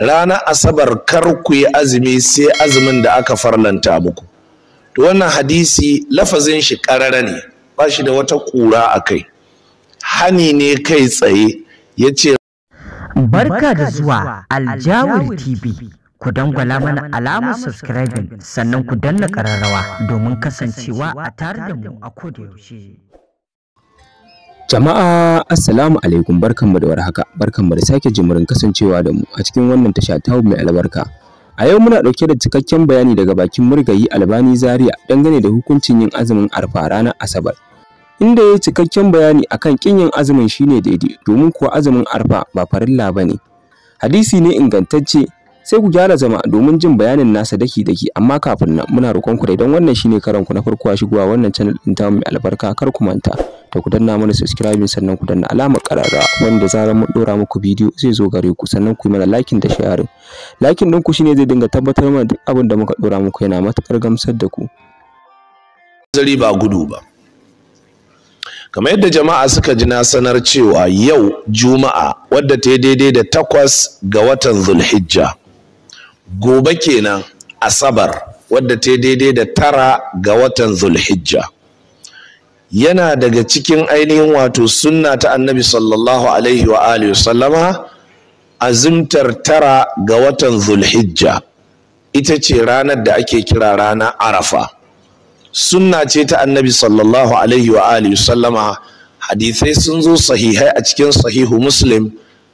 ranar asabar kar ku yi azumi sai azumin da aka farlanta muku to wannan hadisi lafazin shi karara ne ba shi da wata ƙura a kai hani ne kai tsaye ya ce barka da zuwa aljawar tv ku dangwala mana alamar subscribing sannan ku danna ƙararrawa domin kasancewa a tare da mu a kodayaushe Jama'a assalamu alaikum barkanmu da warhaka barkanmu da sake jimirin kasancewa da mu a cikin wannan tasha ta mai albarka. A yau muna dauke da cikakken bayani daga bakin murgayi Albani Zaria dangane da hukuncin yin azumin arfa ranar Asabar. Inda ya cikakken bayani akan kin yin azumin shine daidai domin kuwa azumin arfa ba farilla ba ne. Hadisi ne ingantacce sai ku gyara zama domin jin bayanin nasa daki-daki amma kafin nan muna roƙon ku da idan wannan shine karanku na farko a shigowa wannan channel din ta mai albarka kar ku manta. da ku danna mana subscribe sannan ku danna alamar karara wanda zarar mun dora muku bidiyo zai zo gare ku sannan ku yi mana liking da sharing din ku shine zai dinga tabbatar mana duk abin da muka dora muku yana matukar gamsar da ku zari ba gudu ba kamar yadda jama'a suka ji na sanar cewa yau juma'a wadda ta daidai da takwas ga watan zulhijja gobe kenan asabar wadda ta daidai da tara ga watan zulhijja yana daga cikin ainihin wato sunna ta annabi sallallahu alaihi wa alihi sallama azimtar tara ga watan zulhijja ita ce ranar da ake kira rana arafa sunna ce ta annabi sallallahu alaihi wa alihi sallama hadisai sun zo sahihai a cikin sahihu muslim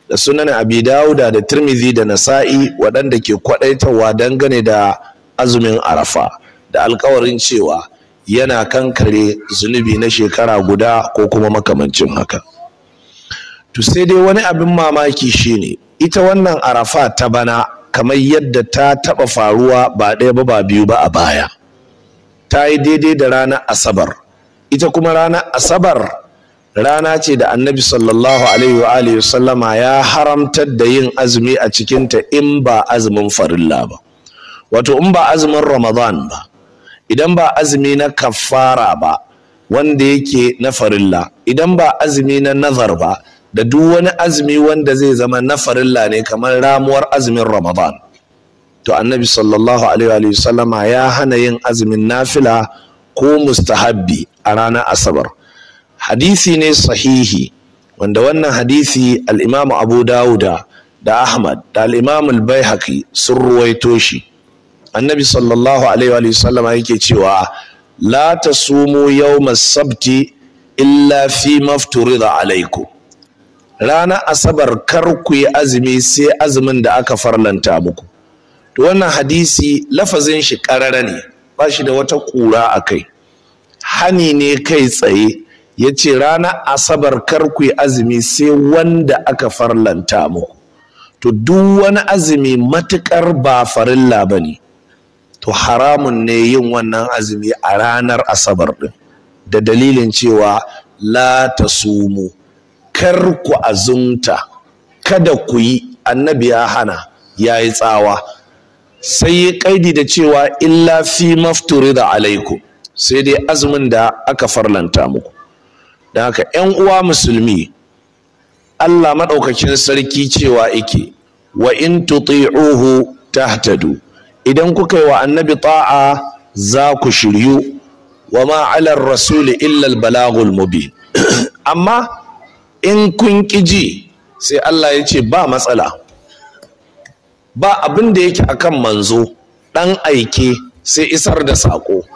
da sunan abi dawuda da tirmidhi da nasa'i waɗanda ke kwaɗaitawa dangane da azumin arafa da alkawarin cewa yana kankare zunubi na shekara guda ko kuma makamancin haka to sai dai wani abin mamaki shine ita wannan arafa ta bana kamar yadda ta taba faruwa ba ɗaya ba ba biyu ba a baya ta yi daidai da ranar asabar ita kuma ranar asabar rana ce da annabi sallallahu alaihi wa alihi sallama ya haramtar da yin azumi a cikinta in ba azumin farilla ba wato in ba azumin ramadan ba idan ba azumi na kafara ba wanda yake na farilla idan ba azumi na nazar ba da duk wani azumi wanda zai zama na farilla ne kamar ramuwar azumin ramadan to annabi sallallahu alaihi wa sallama ya hana yin azumin nafila ko mustahabbi a ranar asabar hadisi ne sahihi wanda wannan hadisi al-imamu abu dawuda da ahmad da al-imamu al-baihaqi sun ruwaito shi annabi sallallahu alaihi sallama yake cewa la tasumu yawmas sabti illa fi mafturida alaiku ranar asabar kar ku yi azumi sai azumin da aka farlanta muku to wannan hadisi lafazin shi karara ne ba shi da wata kura a kai hani ne kai tsaye ya ce ranar asabar kar ku yi azumi sai wanda aka farlanta muku to duk wani azumi matukar ba farilla ba to haramun ne yin wannan azumi a ranar asabar din da dalilin cewa la ta sumu kar ku azumta kada ku yi annabi ya hana ya yi tsawa sai ya kaidi da cewa illa fi mafturi da alaiku sai dai azumin da aka farlanta muku da haka 'yan uwa musulmi Allah maɗaukakin sarki cewa ike wa in tuti'uhu tahtadu idan kuka yi wa annabi ta'a za ku shiryu wa ma ala rasuli illa balagul mubin amma in kun ji sai Allah ya ce ba matsala ba abin da yake akan manzo ɗan aike sai isar da saƙo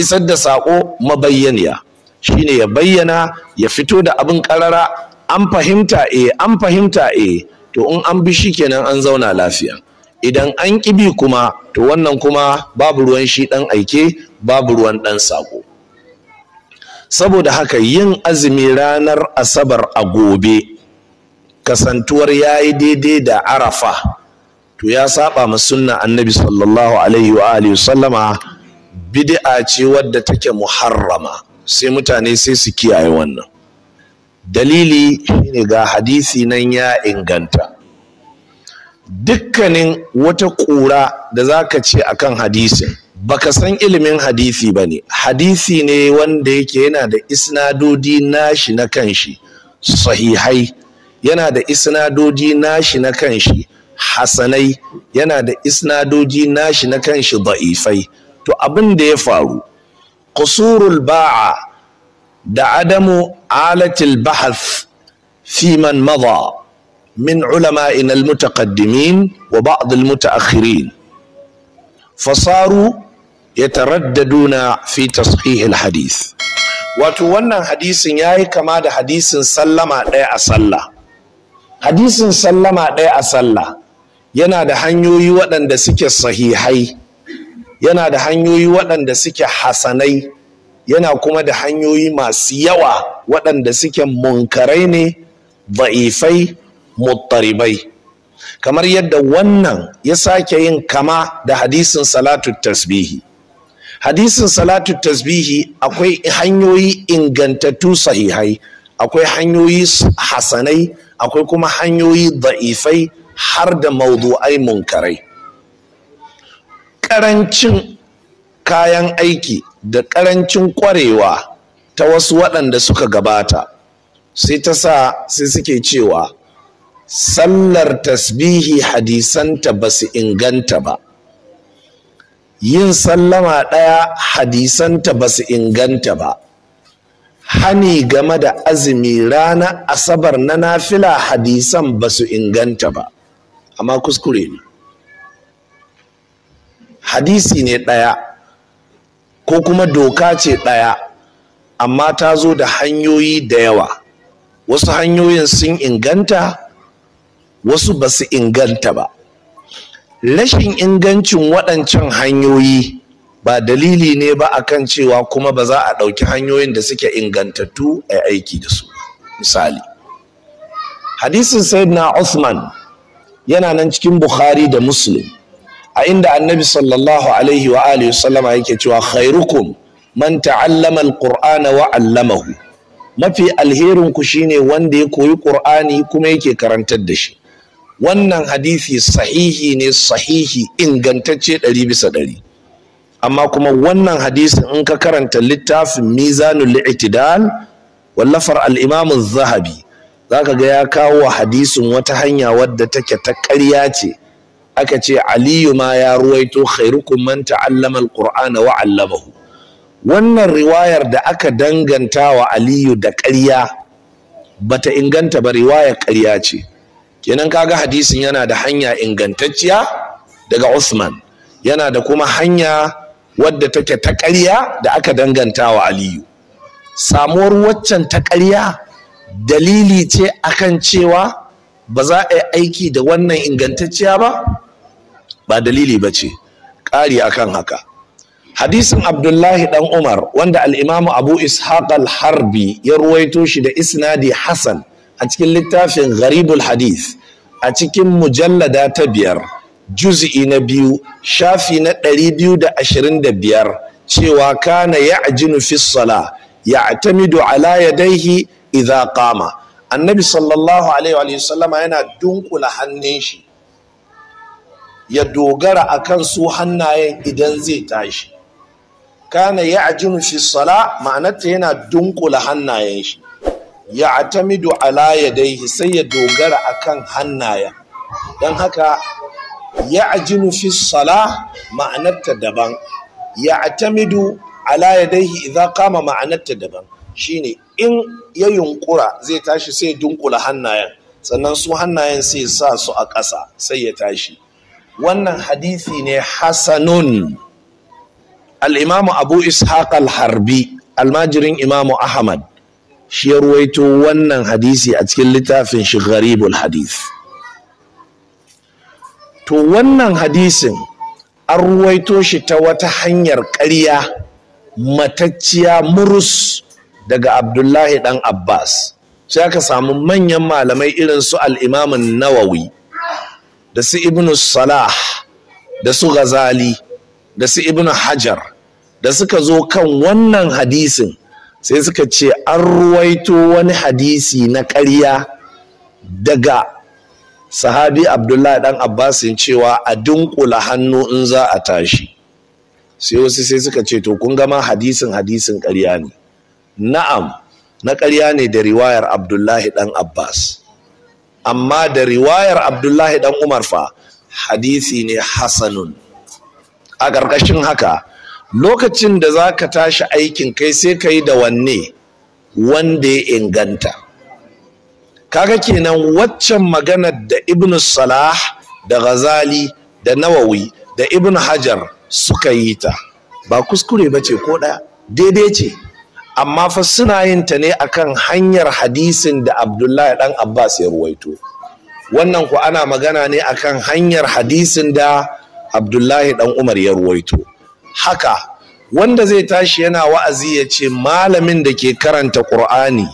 isar da saƙo mabayyaniya shine ya bayyana ya fito da abin ƙarara an fahimta e an fahimta e to in an bi shi kenan an zauna lafiya idan an ƙibi kuma to wannan kuma babu ruwan shi ɗan aike babu ruwan ɗan sako. saboda haka yin azumi ranar asabar a gobe kasantuwar ya yi daidai da arafa to ya saba ma sunna annabi sallallahu alaihi wa alihi sallama bid'a ce wadda take muharrama sai mutane sai su kiyaye wannan dalili shine ga hadisi nan ya inganta dukkanin wata ƙura da za ka ce akan hadisin baka san ilimin hadisi ba ne hadisi ne wanda yake yana da isnadodi nashi na kanshi sahihai yana da isnadodi nashi na kanshi hasanai yana da isnadodi nashi na kanshi da'ifai to abin da ya faru kusurul ba'a da adamu alatil bahath fi man madha من علمائنا المتقدمين وبعض المتأخرين فصاروا يترددون في تصحيح الحديث wato wannan hadisin ya yi kama da hadisin sallama ɗaya a sallah hadisin sallama ɗaya a sallah yana da hanyoyi waɗanda suke sahihai yana da hanyoyi waɗanda suke hasanai yana kuma da hanyoyi masu yawa waɗanda suke munkarai ne ba'ifai muttaribai kamar yadda wannan ya sake yin kama da hadisin salatu tasbihi hadisin salatu tasbihi akwai hanyoyi ingantattu sahihai akwai hanyoyi hasanai akwai kuma hanyoyi da'ifai har da maudu'ai munkarai Karancin kayan aiki da karancin ƙwarewa ta wasu waɗanda suka gabata sai ta sa sai suke cewa sallar tasbihi hadisanta ba su inganta ba yin sallama ɗaya hadisanta ba su inganta ba hani game da azumi rana asabar na nafila hadisan ba su inganta ba amma kuskure ne hadisi ne ɗaya ko kuma doka ce ɗaya amma ta zo da hanyoyi da yawa wasu hanyoyin sun inganta wasu ba su inganta ba rashin ingancin waɗancan hanyoyi ba dalili ne ba akan cewa kuma ba za a ɗauki hanyoyin da suke ingantattu a aiki da su misali hadisin sayyidina Usman, yana nan cikin Bukhari da Muslim a inda annabi sallallahu alaihi wa alihi sallama yake cewa khairukum man ta'allama alqur'ana wa 'allamahu mafi alherin ku shine wanda ya koyi qur'ani kuma yake karantar da shi wannan hadisi sahihi ne sahihi ingantacce ɗari bisa ɗari amma kuma wannan hadisin in ka karanta littafin mizanul i'tidal wallafar al-imam az-zahabi zaka ga ya kawo hadisin wata hanya wadda take ta ƙarya ce aka ce aliyu ma ya ruwaito khairukum man ta'allama al-qur'ana wa 'allamahu wannan riwayar da aka danganta wa aliyu da ƙarya bata inganta ba riwayar ƙarya ce kenan kaga hadisin yana da hanya ingantacciya daga Usman yana da kuma hanya wadda take ta ƙarya da aka danganta wa Aliyu samuwar waccan ta ƙarya dalili ce akan cewa ba za a yi aiki da wannan ingantacciya ba ba dalili ba ce ƙari akan haka hadisin abdullahi dan umar wanda al imamu abu ishaq al-harbi ya ruwaito shi da isnadi hassan a cikin littafin gharibul hadith a cikin mujallada ta biyar juz'i na biyu shafi na ɗari biyu da ashirin da biyar cewa kana ya'jinu fi sala ya'tamidu ala yadaihi idza qama annabi sallallahu alaihi wa sallama yana dunkula hannun shi ya dogara akan su hannayen idan zai tashi kana ya'jinu fi sala ma'anarta yana dunkula hannayen shi ya atamidu ala ya yadaihi sai ya dogara akan hannaya don haka ya ajinu fi sala ma'anarta daban ya atamidu ala ya yadaihi idza kama ma'anarta daban shine in ya yunkura zai tashi sai ya dunkula hannayen sannan su hannayen sai sa su a ƙasa sai ya tashi wannan hadisi ne hasanun al-imamu abu ishaq al-harbi almajirin imamu ahmad shi ya ruwaito wannan hadisi a cikin littafin shi gharibul hadith to wannan hadisin an ruwaito shi ta wata hanyar ƙarya matacciya murus daga abdullahi dan abbas sai aka samu manyan malamai irin su al'imamin nawawi da su ibn salah da su ghazali da su ibn hajar da suka zo kan wannan hadisin sai suka ce an ruwaito wani hadisi na ƙarya daga sahabi abdullahi dan abbasin cewa a dunkula hannu in za a tashi sai wasu sai suka ce to kun gama hadisin hadisin ƙarya ne na'am na ƙarya ne da riwayar abdullahi dan abbas amma da riwayar abdullahi Ɗan umar fa hadisi ne Hassanun. a ƙarƙashin haka lokacin da za ka tashi aikin kai sai ka yi da wanne wanda ya inganta kaga kenan waccan maganar da ibn salah da ghazali da nawawi da ibn hajar suka yi ta ba kuskure ba ce ko ɗaya daidai ce amma fa suna yin ta ne akan hanyar hadisin da abdullahi ɗan abbas ya ruwaito wannan ku ana magana ne akan hanyar hadisin da abdullahi ɗan umar ya ruwaito haka wanda zai tashi yana wa'azi ya ce malamin da ke karanta ƙur'ani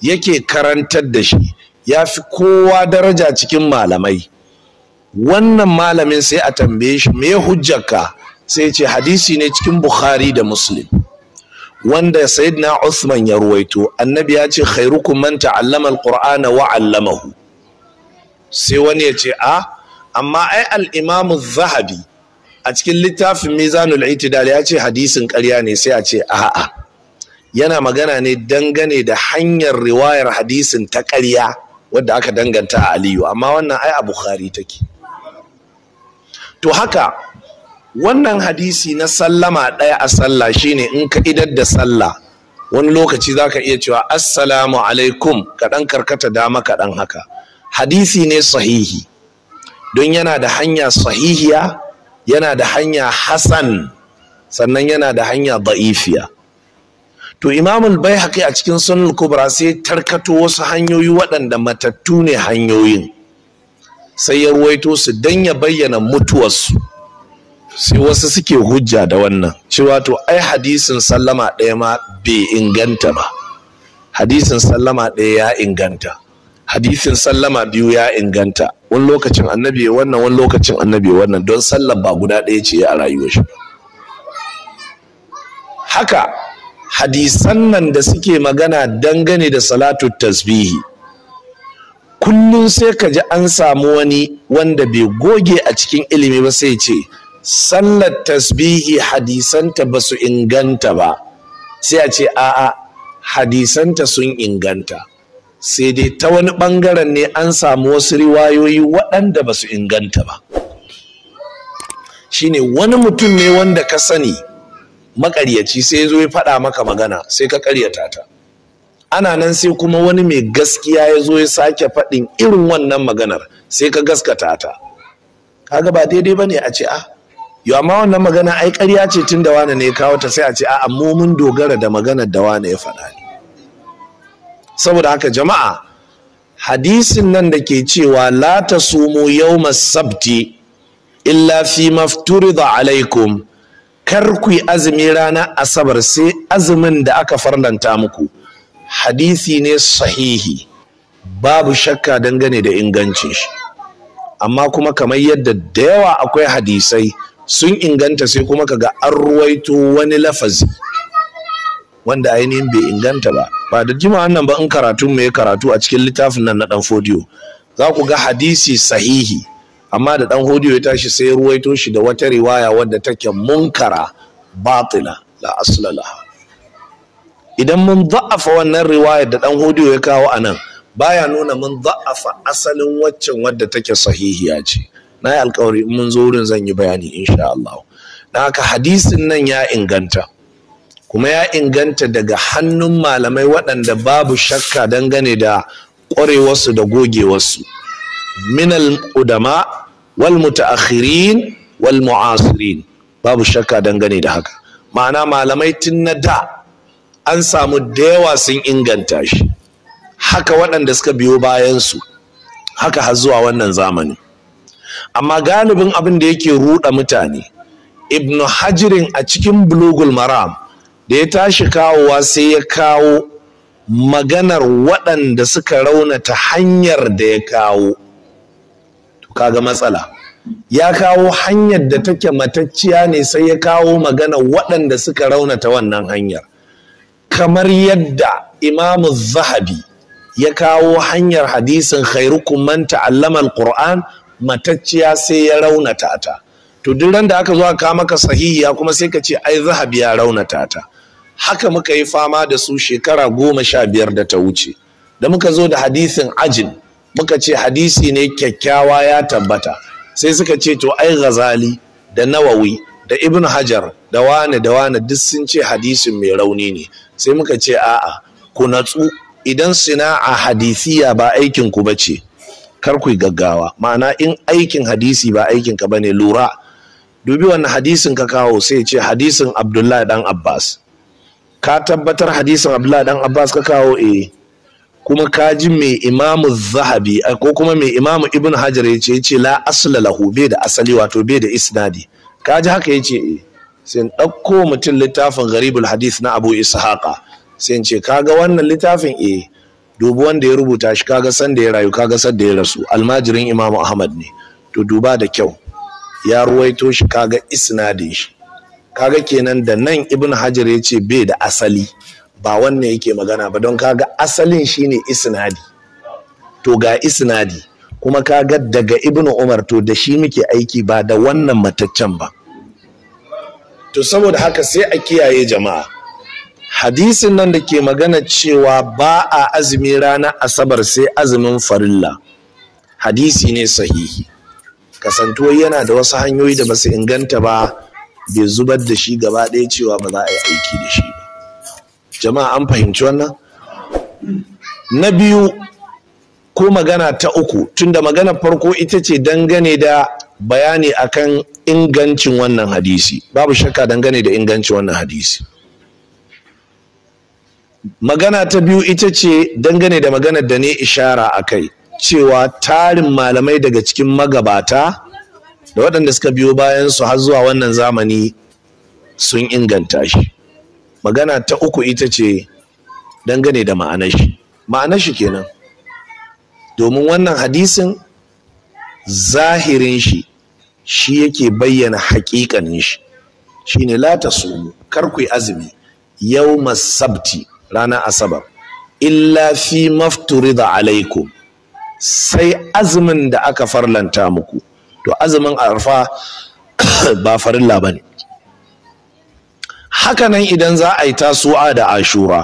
yake karantar da shi ya fi kowa daraja cikin malamai wannan malamin sai a tambaye shi me hujjarka sai ce hadisi ne cikin bukhari da muslim wanda sayyidina usman ya ruwaito annabi ya ce khairukum man ta'allama alqur'ana wa 'allamahu sai wani ya ce a ah, amma ai al zahabi a cikin littafin mizanul itidal ya ce hadisin karya ne sai a ce a'a yana magana ne dangane da hanyar riwayar hadisin ta karya wadda aka danganta a aliyu amma wannan ai a bukhari take to haka wannan hadisi na sallama ɗaya a sallah shine in ka idar da sallah wani lokaci za ka iya cewa assalamu alaikum kaɗan karkata dama kaɗan haka hadisi ne sahihi don yana da hanya sahihiya yana da hanya hasan sannan yana da hanya da'ifiya to imamul bai haƙi a cikin sunan kubra sai tarkato wasu hanyoyi waɗanda matattu ne hanyoyin sai ya ruwaito su don ya bayyana mutuwarsu sai wasu suke hujja da wannan cewa to ai hadisin sallama ɗaya ma bai inganta ba hadisin sallama ɗaya ya inganta hadisin sallama biyu ya inganta wani lokacin annabi wannan wani lokacin annabi wannan don sallan ba guda ɗaya ce a rayuwar shi haka hadisan nan da suke magana dangane da salatu tasbihi kullum sai ka ji an samu wani wanda bai goge a cikin ilimi ba sai ce sallar tasbihi hadisanta ba su inganta ba sai a ce a'a hadisanta sun inganta sai dai ta wani bangaren ne an samu wasu riwayoyi waɗanda ba su inganta ba shine wani mutum ne wanda ka sani makaryaci sai ya zo ya faɗa maka magana sai ka karyata ta ana nan sai kuma wani mai gaskiya ya zo ya sake faɗin irin wannan maganar sai ka gaskata ta kaga ba daidai ba ne a ce a ah, yau amma wannan magana ai ƙarya ce tun da wane ne ya kawo ta sai a ce a amma mun dogara da maganar da wane ya faɗa ne saboda haka jama'a hadisin nan da ke cewa la sumo yau sabti illa fi mafturida alaikum kar ku yi azumi ranar asabar sai azumin da aka farlanta muku hadisi ne sahihi babu shakka dangane da inganci shi amma kuma kamar yadda da yawa akwai hadisai sun inganta sai kuma kaga an ruwaito wani lafazi wanda ainihin bai inganta ba ba da jima'an nan ba in karatu mai karatu a cikin littafin nan na dan fodiyo za ku ga hadisi sahihi amma da dan fodiyo ya tashi sai ya ruwaito shi da wata riwaya wadda take munkara batila la aslalaha idan mun za'afa wannan riwayar da dan hodiyo ya kawo a nan baya nuna mun za'afa asalin waccan wadda take sahihiya ce na yi alkawari mun zo wurin zan yi bayani insha Allah na haka hadisin nan ya inganta kuma ya inganta daga hannun malamai waɗanda babu shakka dangane da ƙwarewarsu da gogewarsu minal udama wal mutaakhirin wal mu'asirin babu shakka dangane da haka ma'ana malamai tun na da an samu da yawa sun inganta shi haka waɗanda suka biyo bayansu haka har zuwa wannan zamani amma galibin abin da yake ruɗa mutane ibnu hajirin a cikin bulugul maram da ya tashi kawowa sai ya kawo maganar waɗanda suka raunata hanyar da ya kawo kaga matsala ya kawo hanyar da take matacciya ne sai ya kawo magana waɗanda suka raunata wannan hanyar kamar yadda imamu zahabi ya kawo hanyar hadisin khairukum man ta'allama alquran matacciya sai ya raunata ta to duk da aka zo aka maka sahihiya kuma sai ka ce ai zahabi ya raunata ta haka muka yi fama da su shekara goma sha biyar da ta wuce da muka zo da hadisin ajin muka ce hadisi ne kyakkyawa ya tabbata sai suka ce to ai ghazali da nawawi da ibn hajar da wane da wane duk sun ce hadisin mai rauni ne sai muka ce a'a ku natsu idan sina'a hadisiya ba aikin ku ce, kar ku gaggawa ma'ana in aikin hadisi ba aikin ka bane lura dubi wannan hadisin ka kawo sai ce hadisin abdullahi dan abbas ka tabbatar hadisin abdullahi dan abbas ka kawo eh kuma ka ji mai imamu zahabi eh, ko kuma mai imamu ibn hajar ya ce ce la asla lahu bai da asali wato bai da isnadi ka ji haka ya ce eh sai ɗauko mutum littafin garibul hadis na abu ishaqa sai ce kaga wannan littafin eh dubu wanda ya rubuta shi kaga san da ya rayu kaga san da ya rasu almajirin imamu ahmad ne to duba da kyau ya ruwaito shi kaga isnadin shi kaga kenan da nan ibn hajar ya ce bai da asali ba wannan yake magana ba don kaga asalin shine isnadi to ga isnadi kuma kaga daga ibn umar to da shi muke aiki ba da wannan mataccen ba to saboda haka sai a kiyaye jama'a hadisin nan da ke magana cewa ba a azumi ranar asabar sai azumin farilla hadisi ne sahihi kasantuwa yana da wasu hanyoyi da basu inganta ba bai zubar da shi gaba ɗaya cewa ba za a yi aiki da shi ba jama'a an fahimci wannan na biyu ko magana ta uku tunda magana farko ita ce dangane da bayani akan ingancin wannan hadisi babu shakka dangane da ingancin wannan hadisi magana ta biyu ita ce dangane da maganar da ne ishara a kai cewa tarin malamai daga cikin magabata da waɗanda suka biyo bayan su har zuwa wannan zamani sun inganta shi magana ta uku ita ce dangane da ma'anar shi ma'anar shi kenan domin wannan hadisin zahirin shi shi yake bayyana haƙiƙanin shi shine la tasumu kar ku yi azumi yau masabti ranar asabar illa fi mafturida alaikum sai azumin da aka farlanta muku to azumin arfa ba farilla ba ne hakanan idan za a yi tasu'a da ashura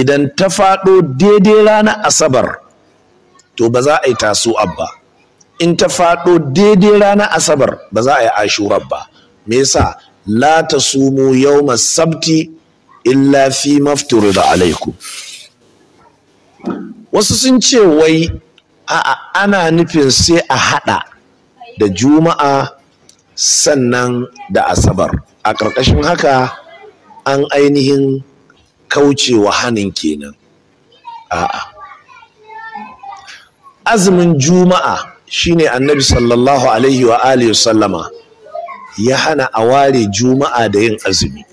idan ta faɗo daidai ranar asabar to ba za a yi tasu'a ba in ta faɗo daidai ranar asabar ba za a yi ashura ba me yasa la tasumu yawma sabti illa fi alaikum wasu sun ce wai a'a ana nufin sai a haɗa da juma'a sannan da asabar a ƙarƙashin haka an ainihin kaucewa hanin kenan a'a azumin juma'a shine annabi sallallahu alaihi wa alihi sallama ya hana a ware juma'a da yin azumi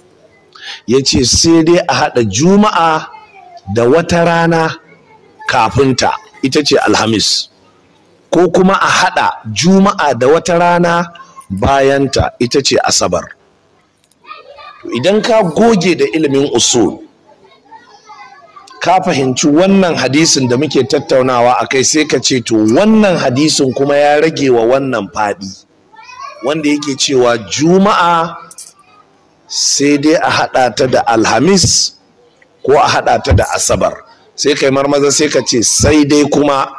ya ce sai dai a haɗa juma'a da wata rana kafinta ita ce alhamis ko kuma a haɗa juma'a da wata rana bayanta ita ce asabar idan ka goge da ilimin usul ka fahimci wannan hadisin da muke tattaunawa a kai sai ka ce to wannan hadisin kuma ya rage wa wannan faɗi wanda yake cewa juma'a sai dai a haɗa ta da alhamis ko a haɗa ta da asabar sai kai marmaza sai ka ce sai dai kuma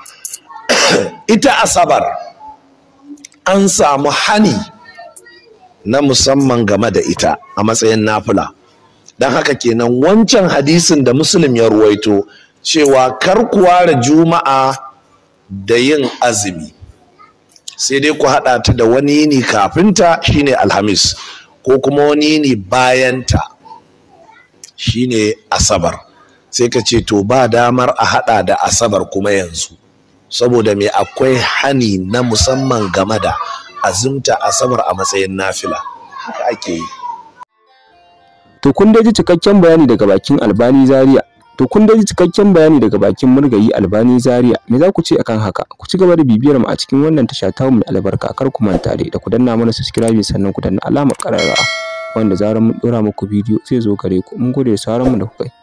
ita asabar an samu hani na musamman game da ita a matsayin nafula don haka kenan wancan hadisin da musulun ya ruwaito cewa kar ku ware juma'a da yin azumi sai dai ku haɗa ta da wani yini kafinta shine alhamis ko kuma wani yini bayanta shine asabar sai ka ce to ba damar a haɗa da asabar kuma yanzu saboda me akwai hani na musamman game da azumta asabar a matsayin nafila haka ake yi to kun daji cikakken bayani daga bakin albani zaria to kun daji cikakken bayani daga bakin murgayi albani zaria me za ku ce akan haka ku ci gaba da bibiyar mu a cikin wannan tasha ta mu albarka kar ku manta dai da ku danna mana subscribe sannan ku danna alamar karara wanda zarar mun dora muku bidiyo sai zo gare ku mun gode da sauran mu da kuka yi